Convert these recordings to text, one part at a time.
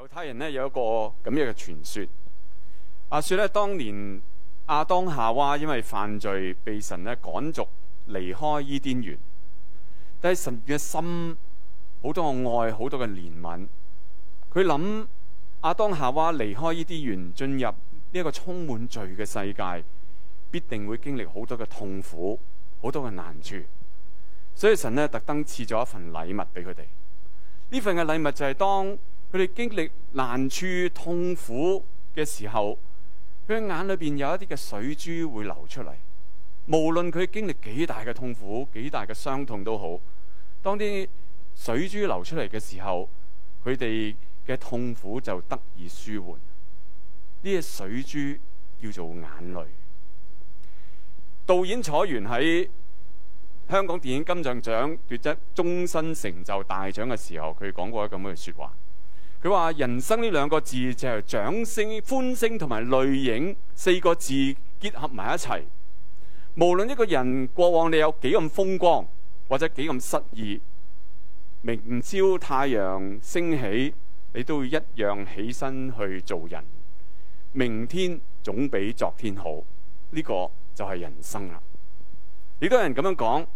猶太人呢，有一個咁樣嘅傳說，阿說呢，當年亞當夏娃因為犯罪被神呢趕逐離開伊甸園，但係神嘅心好多嘅愛，好多嘅憐憫。佢諗亞當夏娃離開伊甸園，進入呢一個充滿罪嘅世界，必定會經歷好多嘅痛苦，好多嘅難處。所以神呢，特登賜咗一份禮物俾佢哋。呢份嘅禮物就係當。佢哋經歷難處痛苦嘅時候，佢眼裏邊有一啲嘅水珠會流出嚟。無論佢經歷幾大嘅痛苦，幾大嘅傷痛都好，當啲水珠流出嚟嘅時候，佢哋嘅痛苦就得以舒緩。呢啲水珠叫做眼淚。導演楚原喺香港電影金像獎奪得終身成就大獎嘅時候，佢講過一個咁嘅說話。佢話：人生呢兩個字就係掌聲、歡聲同埋淚影四個字結合埋一齊。無論一個人過往你有幾咁風光，或者幾咁失意，明朝太陽升起，你都會一樣起身去做人。明天總比昨天好，呢、這個就係人生啦。亦都有人咁樣講，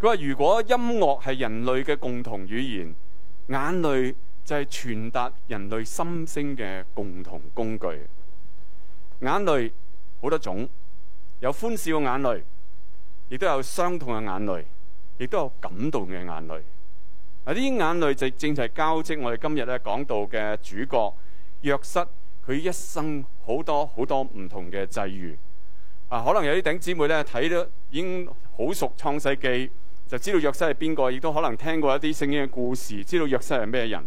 佢話如果音樂係人類嘅共同語言，眼淚，就係傳達人類心聲嘅共同工具。眼淚好多種，有歡笑嘅眼淚，亦都有傷痛嘅眼淚，亦都有感動嘅眼淚。啊！啲眼淚就正就係交織我哋今日咧講到嘅主角約瑟。佢一生好多好多唔同嘅際遇。啊，可能有啲頂姊妹咧睇到已經好熟《創世記》，就知道約瑟係邊個，亦都可能聽過一啲聖經嘅故事，知道約瑟係咩人。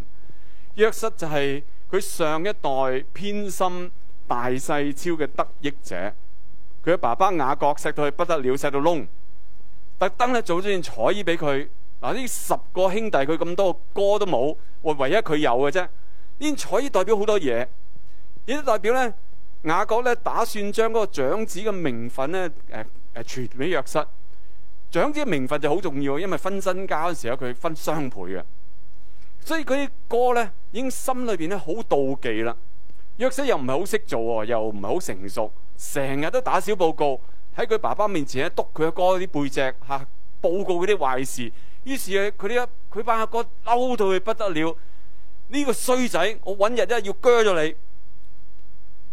約瑟就係佢上一代偏心大細超嘅得益者，佢嘅爸爸雅各錫到佢不得了，錫到窿，特登咧做咗件彩衣俾佢。嗱呢十個兄弟佢咁多哥都冇，唯唯一佢有嘅啫。呢彩衣代表好多嘢，亦都代表咧雅各咧打算將嗰個長子嘅名份咧誒誒傳俾約瑟。長子嘅名份就好重要，因為分身家嗰陣時咧佢分雙倍嘅，所以佢啲哥咧。已經心裏邊咧好妒忌啦，約瑟又唔係好識做，又唔係好成熟，成日都打小報告喺佢爸爸面前咧督佢阿哥啲背脊，吓、啊、報告佢啲壞事。於是佢呢一佢班阿哥嬲到佢不得了，呢、這個衰仔，我揾日咧要鋸咗你。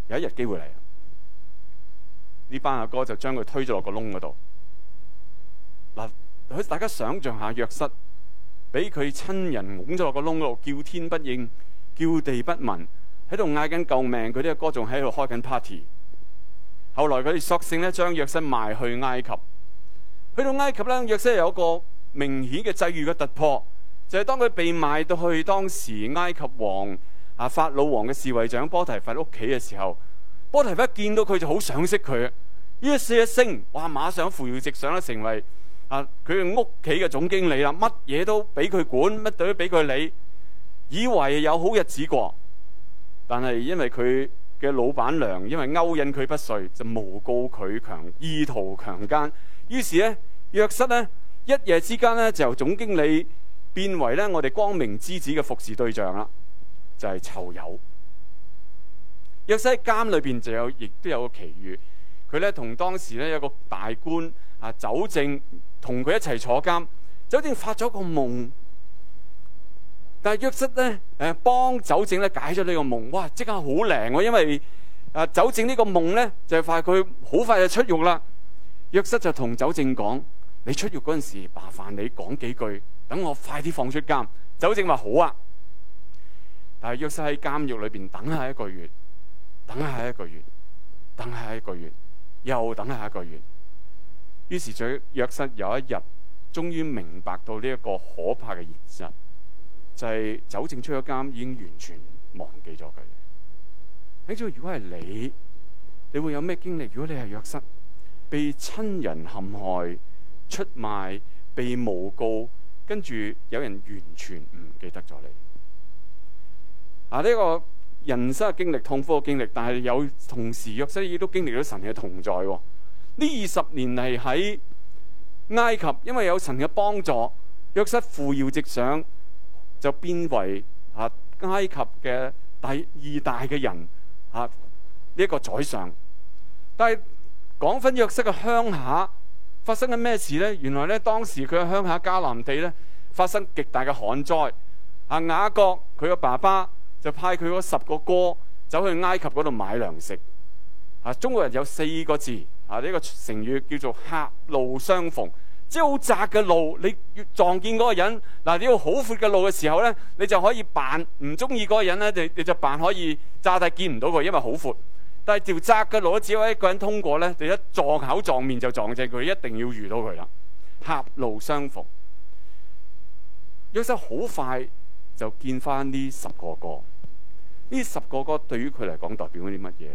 有一日機會嚟，呢班阿哥就將佢推咗落個窿嗰度。嗱、啊，佢大家想象一下約瑟。俾佢親人擁咗落個窿嗰度，叫天不應，叫地不聞，喺度嗌緊救命。佢啲阿哥仲喺度開緊 party。後來佢哋索性咧將約瑟賣去埃及。去到埃及咧，約瑟有一個明顯嘅際遇嘅突破，就係、是、當佢被賣到去當時埃及王啊法老王嘅侍衛長波提佛屋企嘅時候，波提佛一見到佢就好賞識佢，於是一升，哇，馬上扶搖直上啦，成為。啊！佢屋企嘅總經理啦，乜嘢都俾佢管，乜嘢都俾佢理，以為有好日子過。但係因為佢嘅老闆娘因為勾引佢不遂，就誣告佢強意圖強姦。於是咧，約瑟咧一夜之間咧就由總經理變為咧我哋光明之子嘅服侍對象啦，就係、是、囚友。約瑟喺監裏邊就有亦都有個奇遇，佢咧同當時咧有個大官啊走正，同佢一齊坐監，酒政發咗個夢，但係約瑟咧誒幫酒政咧解咗呢個夢，哇即刻好靚、啊、因為誒酒政呢個夢咧就係快佢好快就出獄啦。約瑟就同酒政講：你出獄嗰陣時，麻煩你講幾句，等我快啲放出監。酒政話好啊，但係約瑟喺監獄裏邊等下一個月，等下一個月，等下一個月，又等下一個月。於是在約瑟有一日，終於明白到呢一個可怕嘅現實，就係酒政出咗監已經完全忘記咗佢。睇知如果係你，你會有咩經歷？如果你係約瑟，被親人陷害、出賣、被誣告，跟住有人完全唔記得咗你。啊呢、呢個人生嘅經歷、痛苦嘅經歷，但係有同時約瑟亦都經歷咗神嘅同在喎。呢二十年嚟喺埃及，因為有神嘅幫助，約瑟扶搖直上，就變為啊埃及嘅第二大嘅人啊呢一個宰相。但係講翻約瑟嘅鄉下發生緊咩事咧？原來咧當時佢嘅鄉下迦南地咧發生極大嘅旱災啊。雅各佢嘅爸爸就派佢嗰十個哥走去埃及嗰度買糧食啊。中國人有四個字。啊！呢、這個成語叫做狹路相逢，即係好窄嘅路，你要撞見嗰個人。嗱，你要好闊嘅路嘅時候咧，你就可以扮唔中意嗰個人咧，就你就扮可以詐帝見唔到佢，因為好闊。但係條窄嘅路，只有一個人通過咧，就一撞口撞面就撞正佢，他一定要遇到佢啦。狹路相逢，約瑟好快就見翻呢十個哥哥，呢十個哥哥，對於佢嚟講代表緊啲乜嘢？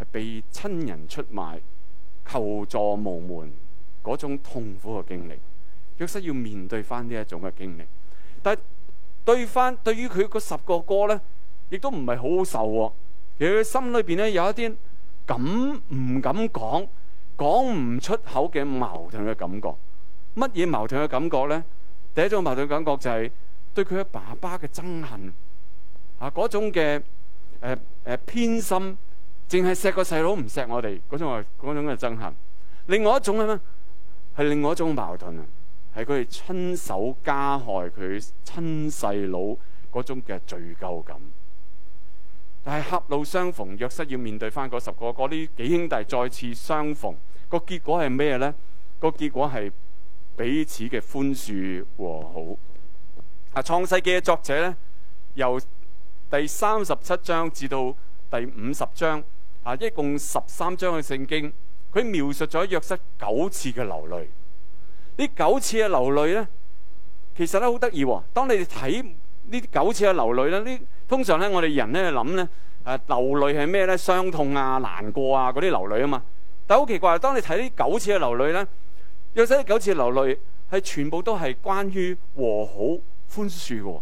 係被親人出賣。求助無門嗰種痛苦嘅經歷，約瑟要面對翻呢一種嘅經歷，但對翻對於佢嗰十個哥咧，亦都唔係好好受，啊，其實佢心裏邊咧有一啲敢唔敢講，講唔出口嘅矛盾嘅感覺。乜嘢矛盾嘅感覺咧？第一種矛盾嘅感覺就係、是，對佢嘅爸爸嘅憎恨，啊嗰種嘅誒誒偏心。淨係錫個細佬唔錫我哋嗰種啊，嗰種嘅憎恨。另外一種係咩？係另外一種矛盾啊，係佢哋親手加害佢親細佬嗰種嘅罪疚感。但係狹路相逢，約瑟要面對翻嗰十個嗰啲幾兄弟再次相逢，個結果係咩呢？個結果係彼此嘅寬恕和好。啊，創世記嘅作者咧，由第三十七章至到第五十章。啊！一共十三章嘅聖經，佢描述咗約瑟九次嘅流淚。呢九次嘅流淚咧，其實咧好得意。當你睇呢九次嘅流淚咧，呢通常咧我哋人咧諗咧誒流淚係咩咧？傷痛啊、難過啊嗰啲流淚啊嘛。但係好奇怪，當你睇呢九次嘅流淚咧，約瑟九次流淚係全部都係關於和好寬恕嘅。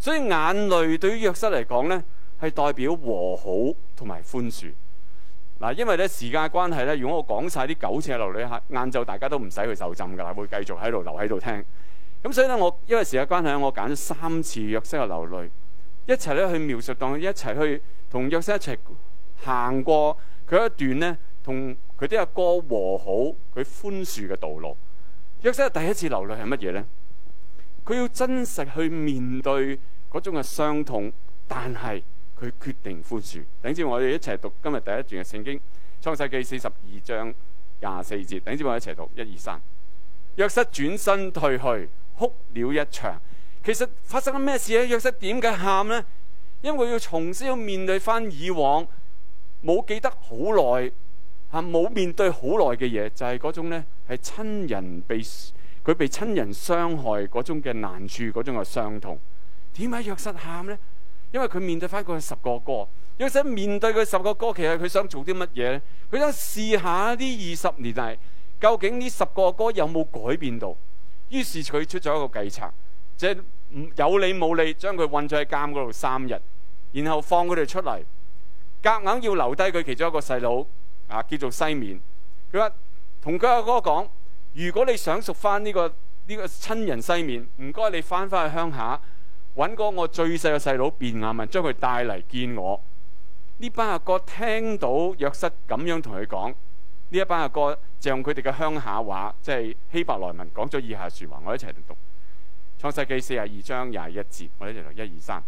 所以眼淚對於約瑟嚟講咧係代表和好同埋寬恕。嗱，因為咧時間關係咧，如果我講晒啲九次嘅流淚嚇，晏晝大家都唔使去受浸㗎啦，會繼續喺度留喺度聽。咁所以咧，我因為時間關係，我揀咗三次約瑟嘅流淚，一齊咧去描述當，一齊去同約瑟一齊行過佢一段咧，同佢啲阿哥和好，佢寬恕嘅道路。約瑟嘅第一次流淚係乜嘢咧？佢要真實去面對嗰種嘅傷痛，但係，佢決定寬恕，等住我哋一齊讀今日第一段嘅聖經《創世記》四十二章廿四節，等住我一齊讀。一二三，約瑟轉身退去，哭了一場。其實發生咗咩事咧？約瑟點解喊咧？因為要重新要面對翻以往冇記得好耐嚇，冇面對好耐嘅嘢，就係嗰種咧係親人被佢被親人傷害嗰種嘅難處，嗰種嘅傷痛。點解約瑟喊咧？因為佢面對翻佢十個哥，要想面對佢十個哥，其實佢想做啲乜嘢咧？佢想試下呢二十年嚟，究竟呢十個哥哥有冇改變到？於是佢出咗一個計策，即係有理冇理，將佢困咗喺監嗰度三日，然後放佢哋出嚟，夾硬要留低佢其中一個細佬，啊，叫做西面。佢話同佢阿哥講：，如果你想熟翻呢個呢個親人西面，唔該你翻翻去鄉下。揾個我最細嘅細佬，便雅文將佢帶嚟見我。呢班阿哥聽到約瑟咁樣同佢講，呢一班阿哥就用佢哋嘅鄉下話，即係希伯來文講咗以下説話。我一齊讀創世記四十二章廿一節。我一齊讀一二三。1, 2, 3,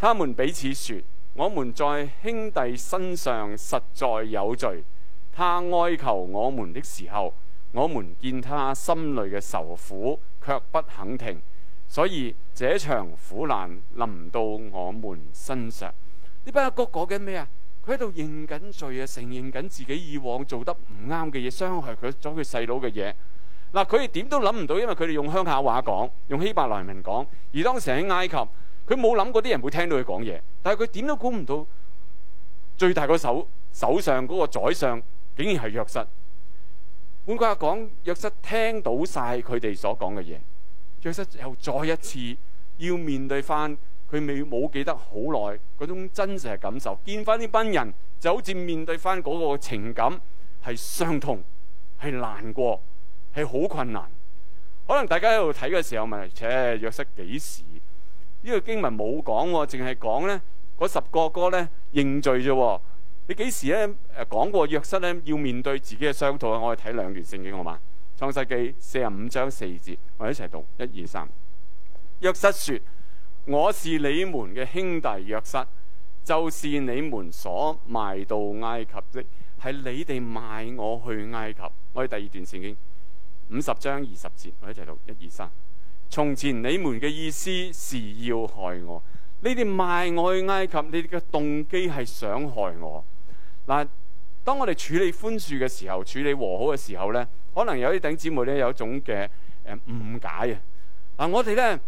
他們彼此説：，我們在兄弟身上實在有罪。他哀求我們的時候，我們見他心裏嘅愁苦，卻不肯停，所以。這場苦難臨到我們身上，呢班阿哥講緊咩啊？佢喺度認緊罪啊，承認緊自己以往做得唔啱嘅嘢，傷害佢咗佢細佬嘅嘢。嗱、啊，佢哋點都諗唔到，因為佢哋用鄉下話講，用希伯來文講，而當時喺埃及，佢冇諗過啲人會聽到佢講嘢。但係佢點都估唔到，最大個首首相嗰個宰相竟然係約瑟。換句話講，約瑟聽到晒佢哋所講嘅嘢，約瑟又再一次。要面對翻佢未冇記得好耐嗰種真實嘅感受，見翻呢班人就好似面對翻嗰個情感係傷痛、係難過、係好困難。可能大家喺度睇嘅時候問：且約瑟幾時？呢、這個經文冇講，淨係講咧嗰十個哥咧認罪啫。你幾時咧誒講過約瑟咧要面對自己嘅傷痛？我哋睇兩段聖經好嘛？創世記四十五章四節，我哋一齊讀一、二、三。約瑟說：我是你們嘅兄弟約瑟，約瑟就是你們所賣到埃及的，係你哋賣我去埃及。我哋第二段聖經五十章二十節，我一齊讀一二三。從前你們嘅意思是要害我，你哋賣我去埃及，你哋嘅動機係想害我嗱。當我哋處理寬恕嘅時候，處理和好嘅時候呢，可能有啲弟兄姊妹呢，有一種嘅誤解啊嗱，我哋呢。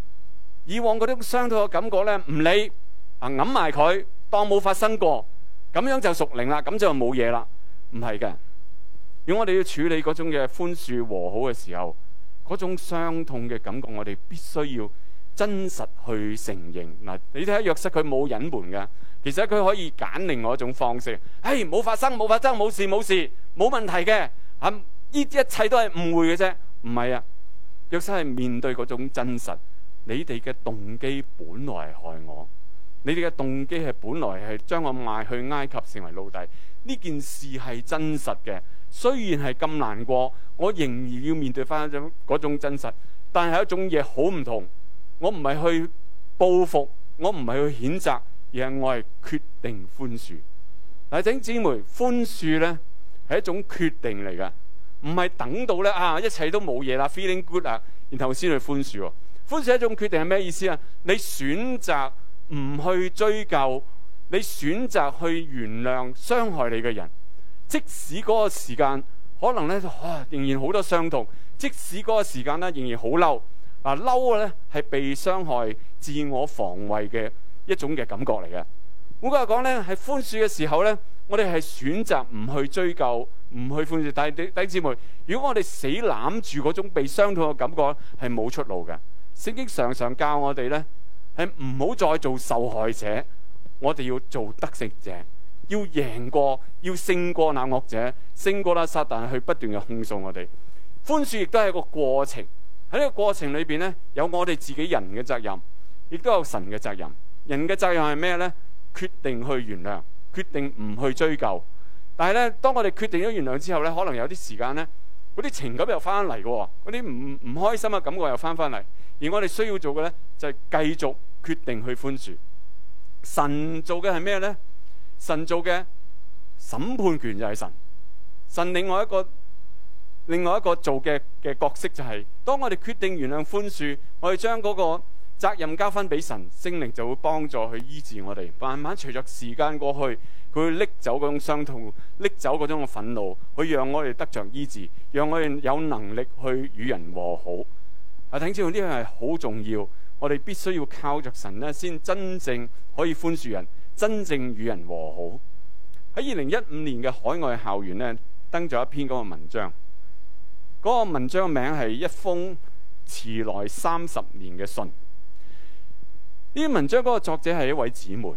以往嗰啲傷痛嘅感覺呢，唔理啊，揞埋佢，當冇發生過，咁樣就熟靈啦，咁就冇嘢啦，唔係嘅。如果我哋要處理嗰種嘅寬恕和好嘅時候，嗰種傷痛嘅感覺，我哋必須要真實去承認。嗱，你睇吓約瑟，佢冇隱瞞㗎，其實佢可以揀另外一種方式。唉，冇發生，冇發生，冇事，冇事，冇問題嘅。嚇，呢一切都係誤會嘅啫，唔係啊。約瑟係面對嗰種真實。你哋嘅動機本來係害我，你哋嘅動機係本來係將我賣去埃及成為奴隸。呢件事係真實嘅，雖然係咁難過，我仍然要面對翻一種嗰種真實。但係一種嘢好唔同，我唔係去報復，我唔係去譴責，而係我係決定寬恕。嗱，兄姊妹寬恕咧係一種決定嚟嘅，唔係等到咧啊，一切都冇嘢啦，feeling good 啦，然後先去寬恕。寬恕係一種決定係咩意思啊？你選擇唔去追究，你選擇去原諒傷害你嘅人，即使嗰個時間可能咧，嚇、啊、仍然好多傷痛；即使嗰個時間咧，仍然好嬲啊！嬲嘅咧係被傷害、自我防衞嘅一種嘅感覺嚟嘅。換句話講咧，係寬恕嘅時候咧，我哋係選擇唔去追究、唔去寬恕。但係，弟兄姊妹，如果我哋死攬住嗰種被傷痛嘅感覺，係冇出路嘅。聖經常常教我哋呢，係唔好再做受害者，我哋要做得勝者，要贏過，要勝過那惡者，勝過撒但。但係佢不斷嘅控訴我哋。寬恕，亦都係一個過程。喺呢個過程裏面呢，有我哋自己人嘅責任，亦都有神嘅責任。人嘅責任係咩呢？決定去原諒，決定唔去追究。但係呢，當我哋決定咗原諒之後呢，可能有啲時間呢，嗰啲情感又翻嚟嘅喎，嗰啲唔唔開心嘅感覺又翻返嚟。而我哋需要做嘅咧，就係、是、繼續決定去寬恕。神做嘅係咩咧？神做嘅審判權就係神。神另外一個另外一個做嘅嘅角色就係、是，當我哋決定原諒寬恕，我哋將嗰個責任交翻俾神，聖靈就會幫助去醫治我哋。慢慢隨着時間過去，佢會拎走嗰種傷痛，拎走嗰種嘅憤怒，去讓我哋得着醫治，讓我哋有能力去與人和好。啊！聽朝呢樣係好重要，我哋必須要靠着神咧，先真正可以寬恕人，真正與人和好。喺二零一五年嘅海外校園呢登咗一篇嗰個文章。嗰、嗰個文章名係一封遲來三十年嘅信。呢篇文章嗰個作者係一位姊妹。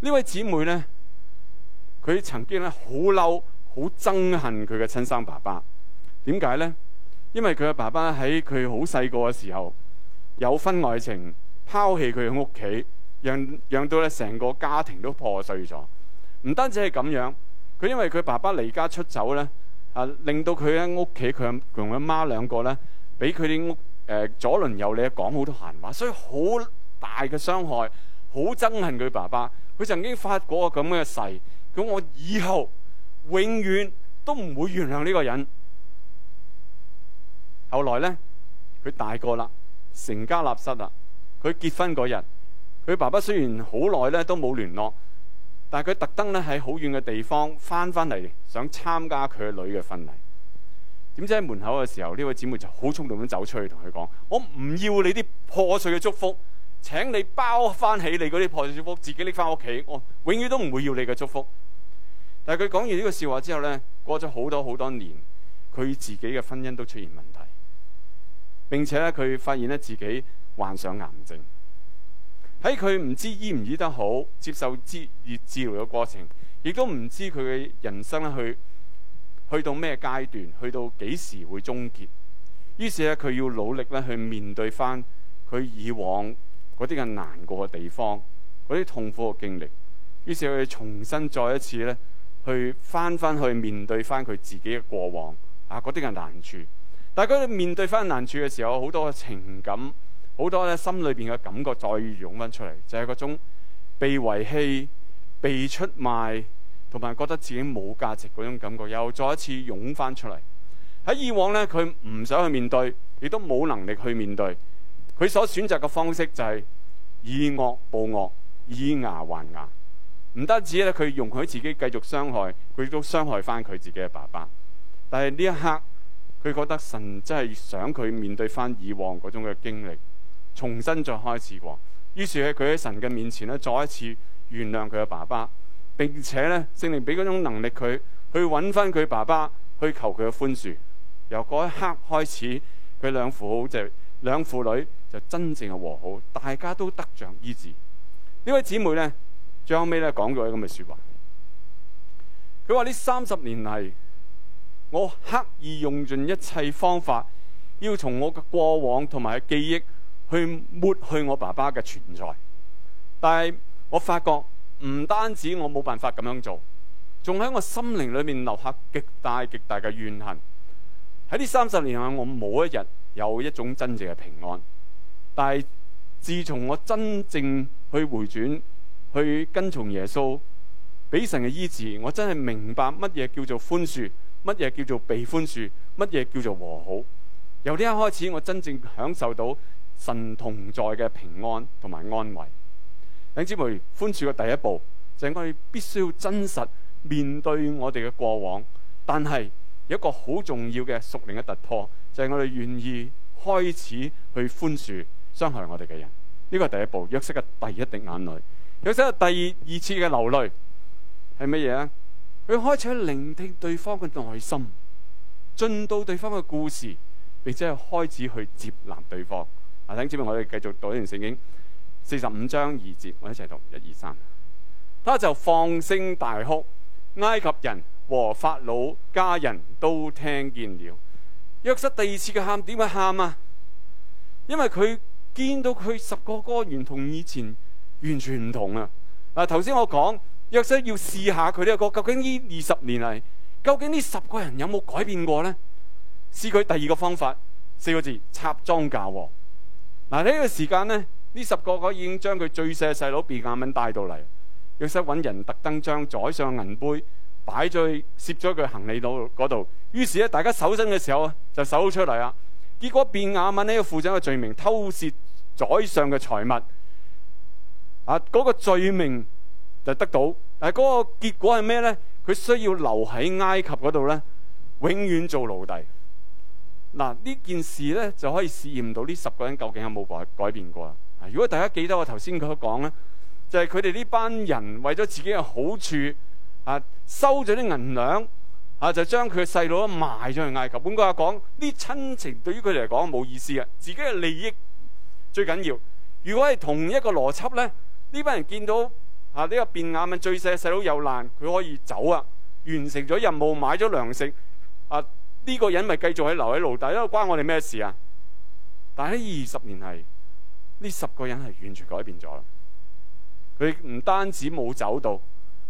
呢位姊妹呢，佢曾經咧好嬲、好憎恨佢嘅親生爸爸。點解呢？因為佢嘅爸爸喺佢好細個嘅時候有婚外情拋棄佢嘅屋企，養養到咧成個家庭都破碎咗。唔單止係咁樣，佢因為佢爸爸離家出走咧，啊令到佢喺屋企佢同佢媽兩個咧，俾佢啲屋誒、呃、左鄰右里講好多閒話，所以好大嘅傷害，好憎恨佢爸爸。佢曾經發過咁嘅誓：咁我以後永遠都唔會原諒呢個人。後來咧，佢大個啦，成家立室啦。佢結婚嗰日，佢爸爸雖然好耐咧都冇聯絡，但係佢特登咧喺好遠嘅地方翻翻嚟，想參加佢女嘅婚禮。點知喺門口嘅時候，呢位姐妹就好沖動咁走出去同佢講：我唔要你啲破碎嘅祝福，請你包翻起你嗰啲破碎祝福，自己拎翻屋企。我永遠都唔會要你嘅祝福。但係佢講完呢個笑話之後咧，過咗好多好多年，佢自己嘅婚姻都出現問題。並且咧，佢發現咧自己患上癌症，喺佢唔知醫唔醫得好，接受治治療嘅過程，亦都唔知佢嘅人生去去到咩階段，去到幾時會終結。於是咧，佢要努力咧去面對翻佢以往嗰啲嘅難過嘅地方，嗰啲痛苦嘅經歷。於是佢重新再一次咧去翻翻去面對翻佢自己嘅過往，啊嗰啲嘅難處。但係佢面對翻難處嘅時候，好多嘅情感，好多咧心裏邊嘅感覺再湧翻出嚟，就係嗰種被遺棄、被出賣，同埋覺得自己冇價值嗰種感覺，又再一次湧翻出嚟。喺以往呢，佢唔想去面對，亦都冇能力去面對。佢所選擇嘅方式就係以惡報惡，以牙還牙。唔單止咧，佢容許自己繼續傷害，佢都傷害翻佢自己嘅爸爸。但係呢一刻，佢覺得神真係想佢面對翻以往嗰種嘅經歷，重新再開始過。於是咧，佢喺神嘅面前咧，再一次原諒佢嘅爸爸，並且咧，聖靈俾嗰種能力佢去揾翻佢爸爸去求佢嘅寬恕。由嗰一刻開始，佢兩父就兩父女就真正嘅和好，大家都得著醫治。位姐呢位姊妹咧，最後尾咧講咗一句咁嘅説話，佢話呢三十年嚟。我刻意用盡一切方法，要從我嘅過往同埋記憶去抹去我爸爸嘅存在。但係我發覺唔單止我冇辦法咁樣做，仲喺我心靈裏面留下極大極大嘅怨恨。喺呢三十年來，我冇一日有一種真正嘅平安。但係自從我真正去回轉，去跟從耶穌，俾神嘅醫治，我真係明白乜嘢叫做寬恕。乜嘢叫做被寬恕？乜嘢叫做和好？由呢一開始，我真正享受到神同在嘅平安同埋安慰。弟兄姊妹，寬恕嘅第一步就係我哋必須要真實面對我哋嘅過往。但係有一個好重要嘅屬靈嘅突破，就係我哋願意開始去寬恕傷害我哋嘅人。呢個係第一步，約瑟嘅第一滴眼淚。約瑟嘅第二次嘅流淚係乜嘢啊？佢開始聆聽對方嘅內心，進到對方嘅故事，並且開始去接納對方。嗱、啊，聽住我哋繼續讀一段聖經，四十五章二節，我一齊讀一二三。他就放聲大哭，埃及人和法老家人都聽見了。約瑟第二次嘅喊點解喊啊？因為佢見到佢十個歌兒同以前完全唔同啦、啊。嗱、啊，頭先我講。若瑟要試一下佢呢個，究竟呢二十年嚟，究竟呢十個人有冇改變過呢？試佢第二個方法，四個字插贓嫁禍。嗱、這、呢個時間呢，呢十個個已經將佢最細嘅細佬便雅憫帶到嚟。若瑟揾人特登將宰相銀杯擺咗去，攝咗佢行李到嗰度。於是咧，大家搜身嘅時候啊，就搜出嚟啦。結果便雅憫呢個負責嘅罪名偷竊宰相嘅財物。啊，嗰個罪名，就得到，但係嗰個結果係咩咧？佢需要留喺埃及嗰度咧，永遠做奴隸嗱。呢件事咧就可以試驗到呢十個人究竟有冇改改變過啦、啊。如果大家記得我頭先佢講咧，就係佢哋呢班人為咗自己嘅好處啊，收咗啲銀兩啊，就將佢細佬賣咗去埃及。本哥話講呢，親情對於佢哋嚟講冇意思嘅，自己嘅利益最緊要。如果係同一個邏輯咧，呢班人見到。啊！呢、這個便雅憫最細細佬又難，佢可以走啊，完成咗任務買咗糧食。啊！呢、這個人咪繼續喺留喺奴隸，因為關我哋咩事啊？但係二十年係呢十個人係完全改變咗啦。佢唔單止冇走到，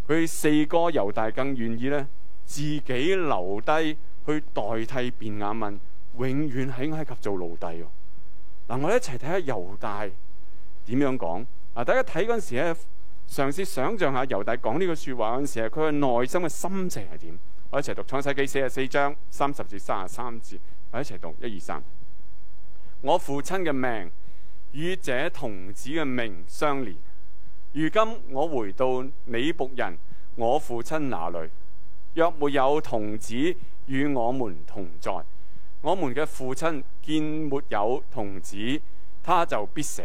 佢四個猶大更願意咧自己留低去代替便雅憫，永遠喺埃及做奴隸。嗱、啊，我哋一齊睇下猶大點樣講啊！大家睇嗰陣時咧。嘗試想像下，猶大講呢個説話嗰陣時，佢嘅內心嘅心情係點？我一齊讀創世記四十四章三十至三十三節。我一齊讀一二三。我父親嘅命與這童子嘅命相連。如今我回到你僕人我父親那裏，若沒有童子與我們同在，我們嘅父親見沒有童子，他就必死。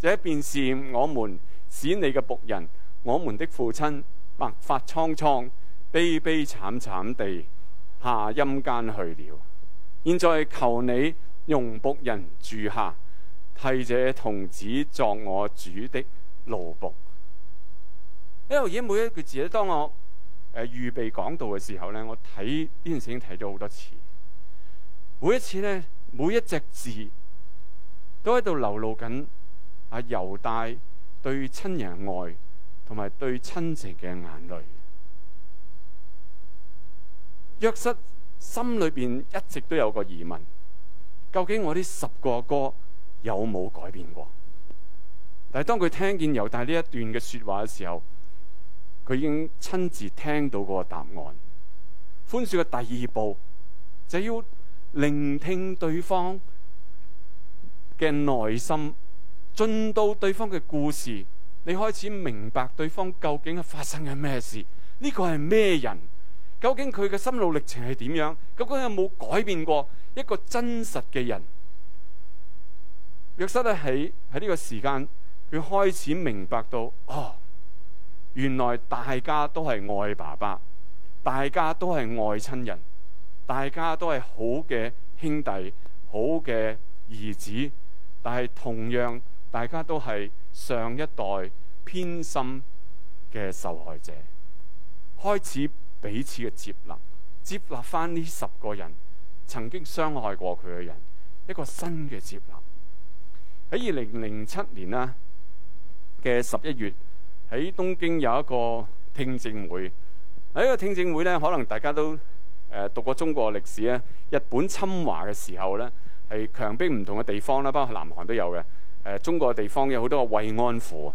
這便是我們，使你嘅僕人，我們的父親白髮蒼蒼，悲悲慘慘，慘地下陰間去了。現在求你用僕人住下，替這童子作我主的奴僕。因為而家每一句字咧，當我誒、呃、預備講道嘅時候咧，我睇呢件事已經睇咗好多次。每一次咧，每一隻字都喺度流露緊啊，猶大。對親人愛，同埋對親情嘅眼淚，約瑟心裏邊一直都有個疑問：究竟我呢十個哥有冇改變過？但係當佢聽見猶大呢一段嘅說話嘅時候，佢已經親自聽到個答案。寬恕嘅第二步，就要聆聽對方嘅內心。進到對方嘅故事，你開始明白對方究竟係發生緊咩事？呢個係咩人？究竟佢嘅心路歷程係點樣？究竟有冇改變過一個真實嘅人？約瑟咧喺喺呢個時間，佢開始明白到哦，原來大家都係愛爸爸，大家都係愛親人，大家都係好嘅兄弟、好嘅兒子，但係同樣。大家都係上一代偏心嘅受害者，開始彼此嘅接納，接納翻呢十個人曾經傷害過佢嘅人，一個新嘅接納。喺二零零七年啦嘅十一月，喺東京有一個聽證會。喺呢、呢個聽證會呢，可能大家都誒、呃、讀過中國歷史咧，日本侵華嘅時候呢，係強迫唔同嘅地方啦，包括南韓都有嘅。誒、呃、中國嘅地方有好多個慰安婦、啊，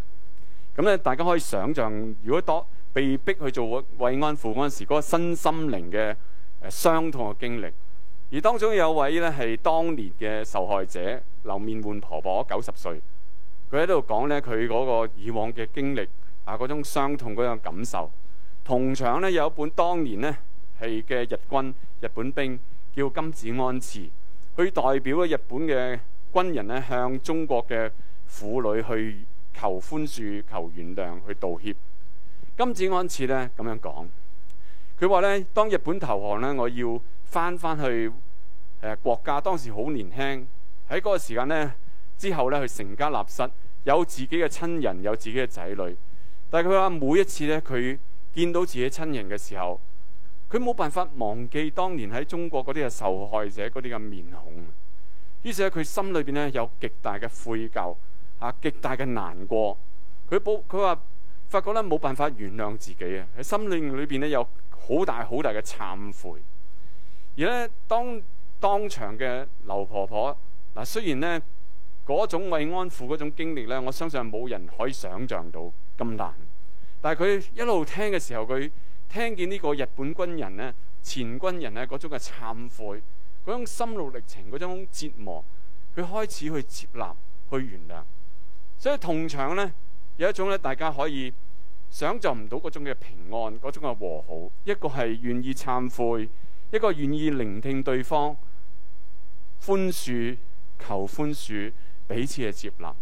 咁、嗯、咧大家可以想象，如果當被逼去做慰安婦嗰陣時候，嗰、那個身心靈嘅誒、呃、傷痛嘅經歷。而當中有位呢，係當年嘅受害者劉面換婆婆婆，九十歲，佢喺度講呢，佢嗰個以往嘅經歷啊，嗰種傷痛嗰種感受。同場呢，有一本當年呢，係嘅日軍日本兵叫金子安次，佢代表咗日本嘅。軍人咧向中國嘅婦女去求寬恕、求原諒、去道歉。金子安次咧咁樣講，佢話咧當日本投降咧，我要返返去誒、呃、國家。當時好年輕，喺嗰個時間咧之後咧去成家立室，有自己嘅親人，有自己嘅仔女。但係佢話每一次咧，佢見到自己親人嘅時候，佢冇辦法忘記當年喺中國嗰啲嘅受害者嗰啲嘅面孔。於是佢心裏邊咧有極大嘅悔疚，嚇、啊、極大嘅難過。佢保佢話，發覺咧冇辦法原諒自己啊！喺心裏面咧有好大好大嘅懺悔。而咧當當場嘅劉婆婆嗱、啊，雖然咧嗰種慰安婦嗰種經歷咧，我相信冇人可以想像到咁難。但係佢一路聽嘅時候，佢聽見呢個日本軍人咧、前軍人咧嗰種嘅懺悔。嗰種心路歷程，嗰種折磨，佢開始去接納，去原諒。所以同場咧有一種咧，大家可以想象唔到嗰種嘅平安，嗰種嘅和好。一個係願意懺悔，一個願意聆聽對方寬恕、求寬恕，彼此嘅接納。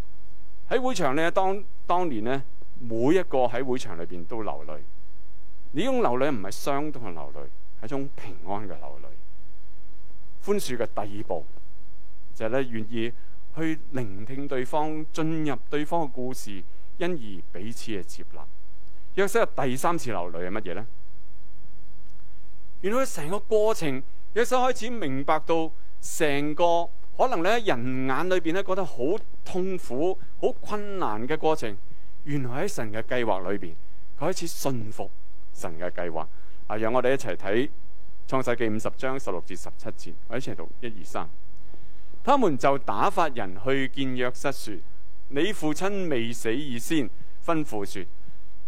喺會場咧，當當年咧，每一個喺會場裏邊都流淚。呢種流淚唔係傷痛嘅流淚，係一種平安嘅流淚。寬恕嘅第二步就係咧願意去聆聽對方，進入對方嘅故事，因而彼此嘅接納。約瑟第三次流淚係乜嘢咧？原來佢成個過程，約瑟開始明白到成個可能你喺人眼裏邊咧覺得好痛苦、好困難嘅過程，原來喺神嘅計劃裏邊，佢開始順服神嘅計劃。啊，讓我哋一齊睇。創世記五十章十六至十七節，我哋一齊讀一二三。他們就打發人去見約瑟說：你父親未死以先吩咐說，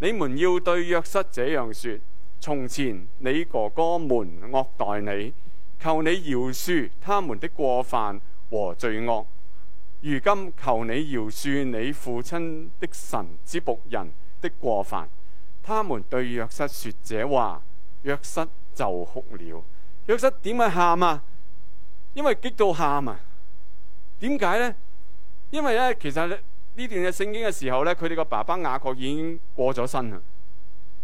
你們要對約瑟這樣說：從前你哥哥們惡待你，求你饒恕他們的過犯和罪惡。如今求你饒恕你父親的神之僕人的過犯。他們對約瑟說這話，約瑟就哭了。約瑟點解喊啊？因為激到喊啊！點解咧？因為咧，其實呢段嘅聖經嘅時候咧，佢哋個爸爸雅各已經過咗身啦。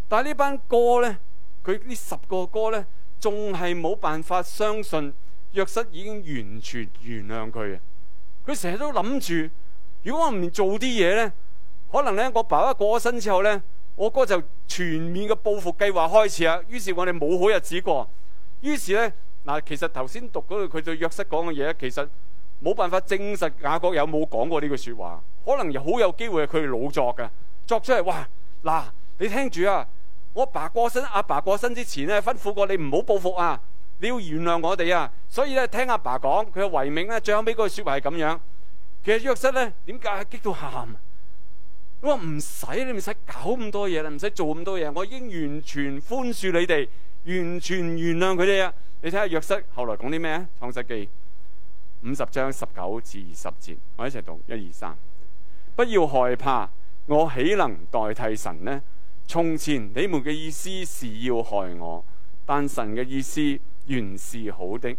但係呢班哥咧，佢呢十個哥咧，仲係冇辦法相信約瑟已經完全原諒佢啊！佢成日都諗住，如果我唔做啲嘢咧，可能咧我爸爸過咗身之後咧。我哥就全面嘅報復計劃開始啊，於是，我哋冇好日子過。於是咧，嗱，其實頭先讀嗰個佢對約瑟講嘅嘢，其實冇辦法證實雅各有冇講過呢句説話，可能又好有機會係佢老作嘅，作出嚟哇！嗱，你聽住啊，我爸，爸過身，阿爸，爸過身之前咧吩咐過你唔好報復啊，你要原諒我哋啊。所以咧，聽阿爸講，佢嘅遺命咧最後尾嗰句説話係咁樣。其實約瑟咧點解激到喊啊？我唔使，你唔使搞咁多嘢啦，唔使做咁多嘢。我已經完全寬恕你哋，完全原諒佢哋啊！你睇下約瑟後來講啲咩啊？創世記五十章十九至二十節，我一齊讀，一二三。不要害怕，我豈能代替神呢？從前你們嘅意思是要害我，但神嘅意思原是好的，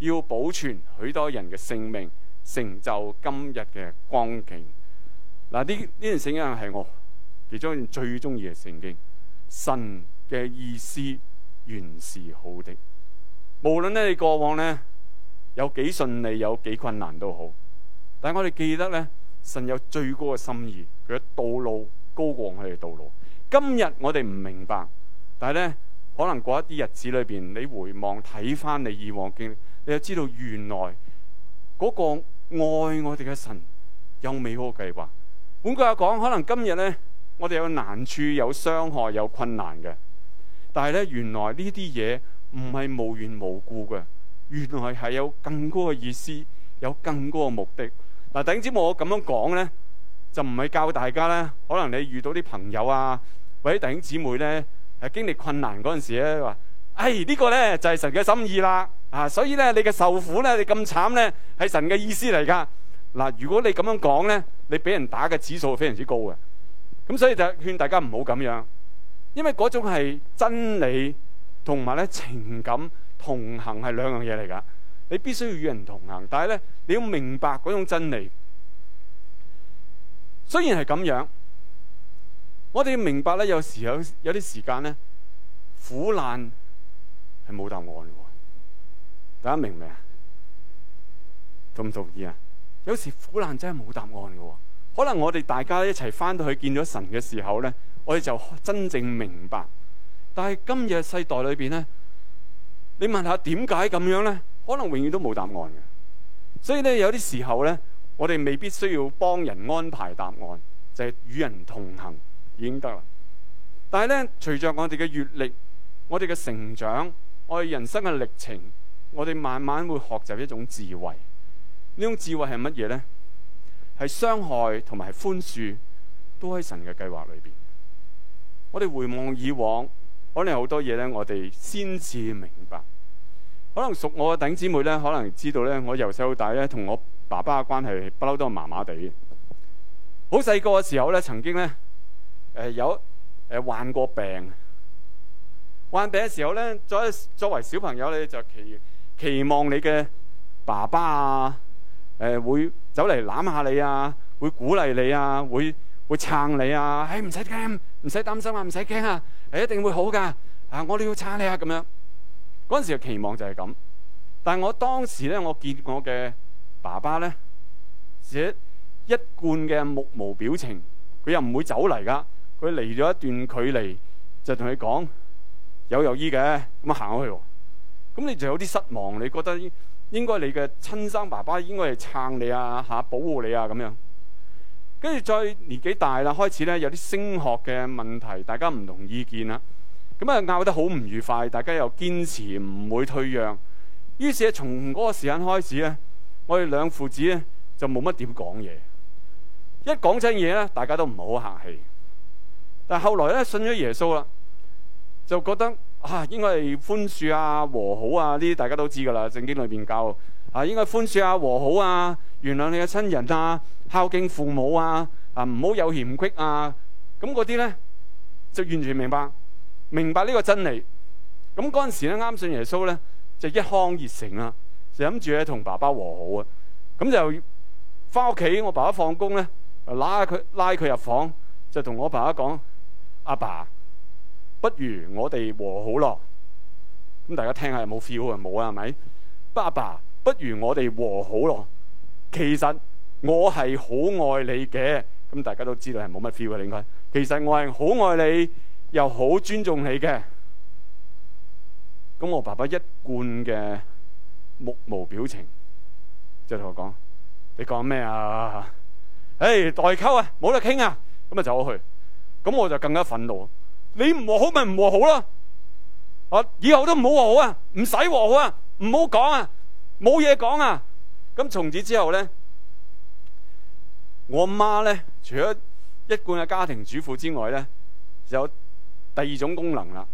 要保存許多人嘅性命，成就今日嘅光景。嗱，呢呢段聖經係我其中一段最中意嘅聖經。神嘅意思原是好的，無論你過往呢有幾順利，有幾困難都好。但係我哋記得呢，神有最高嘅心意，佢嘅道路高過我哋嘅道路。今日我哋唔明白，但係呢，可能過一啲日子裏邊，你回望睇翻，你以往經歷，你就知道原來嗰個愛我哋嘅神有美好計劃。本句有講，可能今日咧，我哋有難處、有傷害、有困難嘅，但係咧原來呢啲嘢唔係無緣無故嘅，原來係有更高嘅意思，有更高嘅目的。嗱、啊，弟兄姊妹，我咁樣講咧，就唔係教大家咧，可能你遇到啲朋友啊，或者弟兄姊妹咧，係經歷困難嗰陣時咧，話，哎、這個、呢個咧就係、是、神嘅心意啦，啊，所以咧你嘅受苦咧，你咁慘咧，係神嘅意思嚟㗎。嗱、啊，如果你咁樣講咧。你俾人打嘅指數非常之高嘅，咁所以就勸大家唔好咁樣，因為嗰種係真理同埋咧情感同行係兩樣嘢嚟噶，你必須要與人同行，但係咧你要明白嗰種真理。雖然係咁樣，我哋要明白咧，有時候有有啲時間咧，苦難係冇答案嘅喎，大家明唔明啊？同唔同意啊？有時苦難真係冇答案㗎喎，可能我哋大家一齊翻到去見咗神嘅時候呢，我哋就真正明白。但係今日世代裏邊呢，你問下點解咁樣呢？可能永遠都冇答案嘅。所以呢，有啲時候呢，我哋未必需要幫人安排答案，就係與人同行已經得啦。但係呢，隨着我哋嘅閱歷、我哋嘅成長、我哋人生嘅歷程，我哋慢慢會學習一種智慧。呢種智慧係乜嘢咧？係傷害同埋係寬恕，都喺神嘅計劃裏邊。我哋回望以往，可能好多嘢咧，我哋先至明白。可能熟我嘅頂姊妹咧，可能知道咧，我由細到大咧，同我爸爸嘅關係不嬲都係麻麻地。好細個嘅時候咧，曾經咧，誒、呃、有誒、呃、患過病，患病嘅時候咧，作作為小朋友咧，你就期期望你嘅爸爸啊。誒，會走嚟攬下你啊，會鼓勵你啊，會會撐你啊，誒唔使驚，唔使擔心啊，唔使驚啊，誒一定會好噶，啊我哋要撐你啊，咁樣嗰陣時嘅期望就係咁，但係我當時咧，我見我嘅爸爸咧，是一貫嘅目無表情，佢又唔會走嚟噶，佢離咗一段距離就同你講有有依嘅，咁啊行去，咁你就有啲失望，你覺得？應該你嘅親生爸爸應該係撐你啊，吓保護你啊咁樣。跟住再年紀大啦，開始咧有啲升學嘅問題，大家唔同意見啦，咁啊拗得好唔愉快，大家又堅持唔會退讓。於是咧，從嗰個時間開始咧，我哋兩父子咧就冇乜點講嘢。一講真嘢咧，大家都唔好客氣。但係後來咧信咗耶穌啦，就覺得。啊，應該係寬恕啊、和好啊，呢啲大家都知噶啦，聖經裏面教啊，應該寬恕啊、和好啊、原諒你嘅親人啊、孝敬父母啊，啊唔好有嫌隙啊，咁嗰啲咧就完全明白，明白呢個真理。咁嗰陣時咧啱信耶穌咧，就一腔熱誠啊，就諗住咧同爸爸和好啊。咁就翻屋企，我爸爸放工咧，拉佢拉佢入房，就同我爸爸講：阿爸，爸。不如我哋和好咯，咁大家聽下有冇 feel 啊？冇啊，係咪？爸爸，不如我哋和好咯。其實我係好愛你嘅，咁大家都知道係冇乜 feel 嘅，應該。其實我係好愛你，又好尊重你嘅。咁我爸爸一貫嘅目無表情，就同我講：你講咩啊？誒，代溝啊，冇得傾啊！咁啊走咗去，咁我就更加憤怒。你唔和好咪唔和好咯，啊！以後都唔好和好啊，唔使和好啊，唔好講啊，冇嘢講啊。咁從此之後咧，我阿媽咧除咗一貫嘅家庭主婦之外咧，就有第二種功能啦。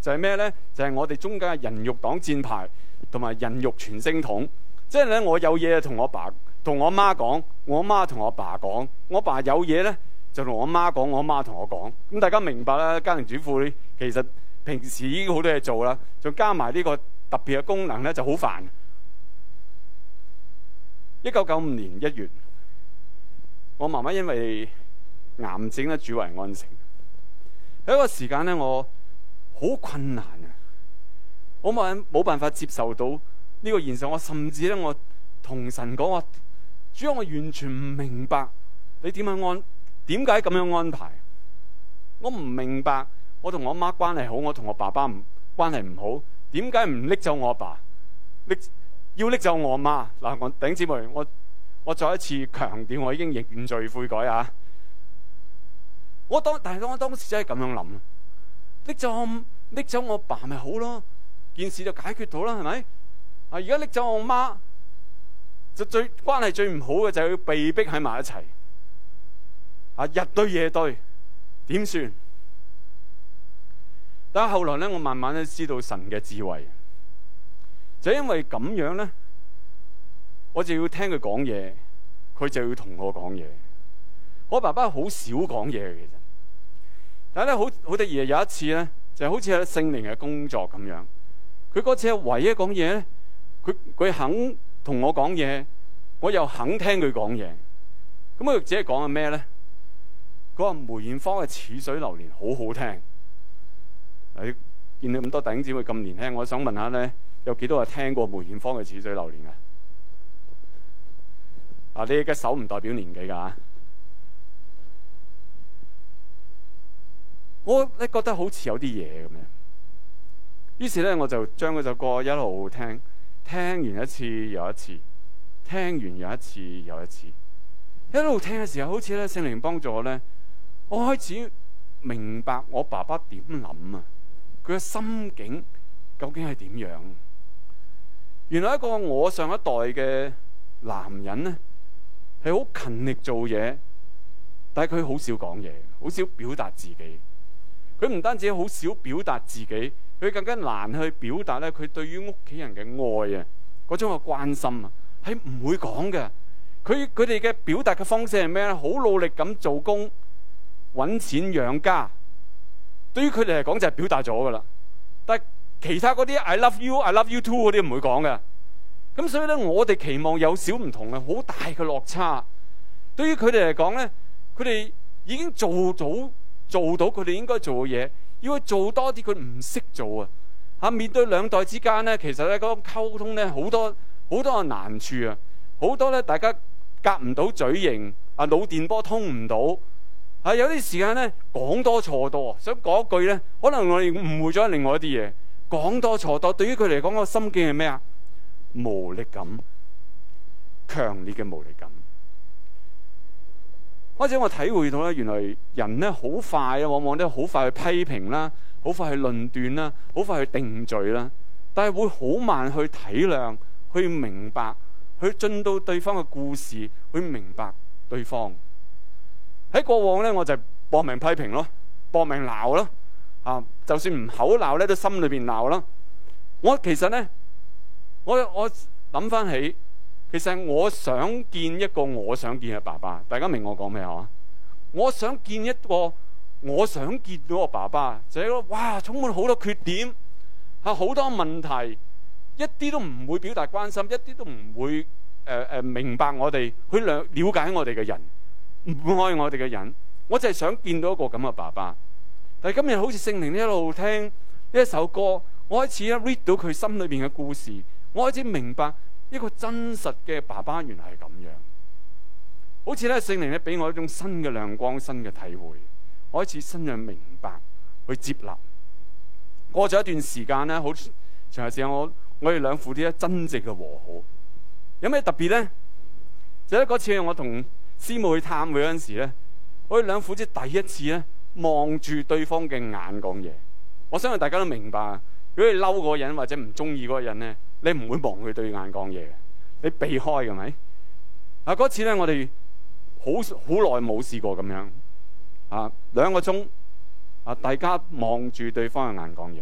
就係咩咧？就係、是、我哋中間嘅人肉擋箭牌同埋人肉傳聲筒。即係咧，我有嘢同我爸同我媽講，我阿媽同我爸講，我爸有嘢咧。就同我媽講，我媽同我講咁。大家明白啦，家庭主婦咧其實平時已經好多嘢做啦，仲加埋呢個特別嘅功能咧，就好煩。一九九五年一月，我媽媽因為癌症咧，主為安靜喺個時間咧，我好困難啊！我冇冇辦法接受到呢個現實。我甚至咧，我同神講話，主要我完全唔明白你點樣按。點解咁樣安排？我唔明白。我同我媽關係好，我同我爸爸唔關係唔好。點解唔拎走我阿爸？要拎走我阿媽嗱？弟兄姊妹，我我再一次強調，我已經認罪悔改啊！我當，但係我當時真係咁樣諗，拎走拎走我阿爸咪好咯，件事就解決到啦，係咪？啊！而家拎走我阿媽，就最關係最唔好嘅，就係要被逼喺埋一齊。啊！日對夜對，點算？但係後來咧，我慢慢咧知道神嘅智慧，就因為咁樣咧，我就要聽佢講嘢，佢就要同我講嘢。我爸爸好少講嘢嘅，其實但係咧，好好得意，有一次咧，就好似聖靈嘅工作咁樣，佢嗰次係唯一講嘢咧，佢佢肯同我講嘢，我又肯聽佢講嘢。咁佢只係講緊咩咧？嗰個梅艷芳嘅《似水流年》好好聽。你見你咁多弟兄姊妹咁年輕，我想問下咧，有幾多係聽過梅艷芳嘅《似水流年》啊？啊，你嘅手唔代表年紀㗎。我咧覺得好似有啲嘢咁樣，於是咧我就將嗰首歌一路聽，聽完一次又一次，聽完又一次又一次，一路聽嘅時候，好似咧聖靈幫助我咧。我開始明白我爸爸點諗啊，佢嘅心境究竟係點樣？原來一個我上一代嘅男人呢，係好勤力做嘢，但係佢好少講嘢，好少表達自己。佢唔單止好少表達自己，佢更加難去表達咧。佢對於屋企人嘅愛啊，嗰種嘅關心啊，係唔會講嘅。佢佢哋嘅表達嘅方式係咩咧？好努力咁做工。搵錢養家，對於佢哋嚟講就係表達咗㗎喇。但係其他嗰啲 I love you, I love you too 嗰啲唔會講嘅。咁所以咧，我哋期望有少唔同嘅好大嘅落差。對於佢哋嚟講咧，佢哋已經做到做到佢哋應該做嘅嘢，要去做多啲佢唔識做啊。面對兩代之間咧，其實咧，嗰種溝通咧，好多好多嘅難處啊，好多咧，大家夾唔到嘴型啊，腦電波通唔到。啊、有啲時間咧講多錯多，想講一句咧，可能我哋誤會咗另外一啲嘢。講多錯多，對於佢嚟講個心境係咩啊？無力感，強烈嘅無力感。或者我體會到咧，原來人咧好快，往往都好快去批評啦，好快去論斷啦，好快去定罪啦，但係會好慢去體諒、去明白、去進到對方嘅故事，去明白對方。喺過往咧，我就搏命批評咯，搏命鬧咯，啊，就算唔口鬧咧，都心裏邊鬧咯。我其實咧，我我諗翻起，其實我想見一個我想見嘅爸爸，大家明我講咩啊？我想見一個我想見到嘅爸爸，就係哇，充滿好多缺點，啊，好多問題，一啲都唔會表達關心，一啲都唔會誒誒明白我哋，去了了解我哋嘅人，唔愛我哋嘅人，我淨係想見到一個咁嘅爸爸。但係今日好似聖靈呢，一路聽呢一首歌，我開始一 read 到佢心裏邊嘅故事，我開始明白一個真實嘅爸爸原來係咁樣。好似呢聖靈呢俾我一種新嘅亮光、新嘅體會，我開始新嘅明白去接納。過咗一段時間呢，好就係正我我哋兩父子真正嘅和好。有咩特別呢？就係嗰次我同。師母去探佢嗰陣時咧，我哋兩父子第一次咧望住對方嘅眼講嘢。我相信大家都明白，如果你嬲嗰個人或者唔中意嗰個人咧，你唔會望佢對眼講嘢嘅，你避開㗎咪？啊，嗰次咧我哋好好耐冇試過咁樣啊，兩個鐘啊，大家望住對方嘅眼講嘢。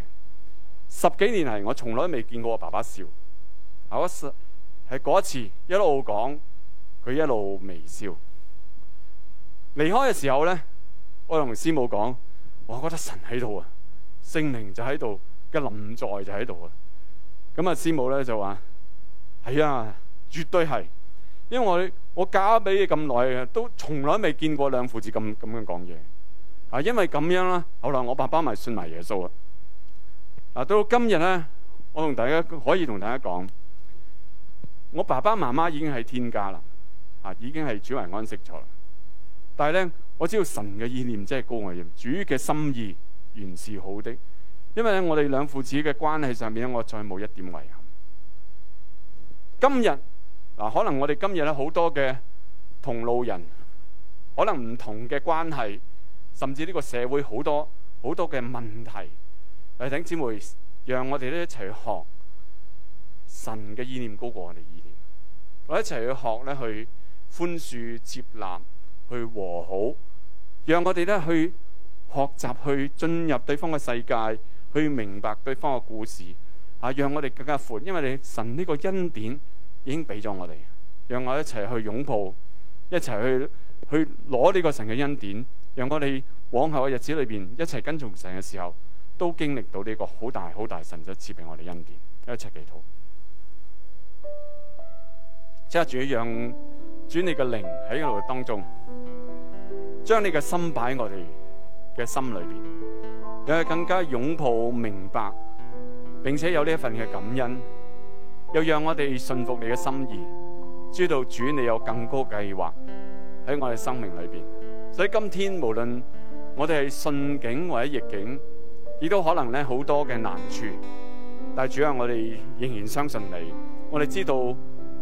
十幾年嚟我從來都未見過我爸爸笑，係嗰係一次一路講，佢一路微笑。離開嘅時候咧，我同師母講，我覺得神喺度啊，聖靈就喺度，嘅臨在就喺度啊。咁啊，師母咧就話係啊，絕對係，因為我，我嫁畀你咁耐啊，都從來未見過兩父子咁咁樣講嘢啊。因為咁樣啦，後來我爸爸咪信埋耶穌啊。嗱，到今日咧，我同大家可以同大家講，我爸爸媽媽已經係天家啦，啊，已經係主懷安息咗。但係咧，我知道神嘅意念真係高危。主嘅心意原是好的，因為咧，我哋兩父子嘅關係上面，咧，我再冇一點遺憾。今日嗱，可能我哋今日咧好多嘅同路人，可能唔同嘅關係，甚至呢個社會好多好多嘅問題，嚟請姊妹，讓我哋咧一齊去學神嘅意念高過我哋意念，我一齊去學咧去寬恕接納。去和好，讓我哋咧去學習，去進入對方嘅世界，去明白對方嘅故事。啊，讓我哋更加寬，因為你神呢個恩典已經俾咗我哋，讓我一齊去擁抱，一齊去去攞呢個神嘅恩典，讓我哋往後嘅日子裏邊一齊跟從神嘅時候，都經歷到呢個好大好大神就賜俾我哋恩典。一齊祈禱，即係主，讓主你嘅靈喺呢度當中，將你嘅心擺喺我哋嘅心裏邊，又係更加擁抱明白，並且有呢一份嘅感恩，又讓我哋信服你嘅心意，知道主你有更高計劃喺我哋生命裏邊。所以今天無論我哋係順境或者逆境，亦都可能咧好多嘅難處，但係主要我哋仍然相信你。我哋知道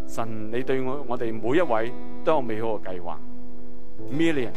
神你對我我哋每一位都有美好嘅計劃，Millions。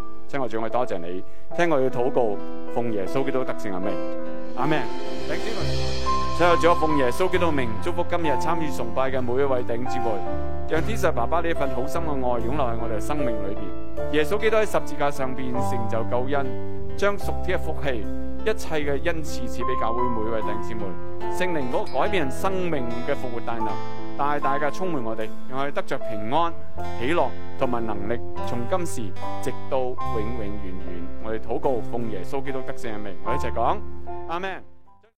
聽我主，我多謝你。聽我要禱告，奉耶穌基督得勝嘅名，阿門。阿門。弟兄們，聽我主，我奉耶穌基督嘅名，祝福今日參與崇拜嘅每一位弟兄姊妹，讓天父爸爸呢一份好心嘅愛湧落喺我哋嘅生命裏邊。耶穌基督喺十字架上邊成就救恩，將屬天嘅福氣，一切嘅恩賜賜俾教會每一位弟兄姊妹。聖靈嗰個改變人生命嘅復活大能。大大嘅充滿我哋，讓我哋得着平安、喜樂同埋能力，從今時直到永永遠遠。我哋禱告奉耶穌基督得勝嘅名，我哋一齊講，阿門。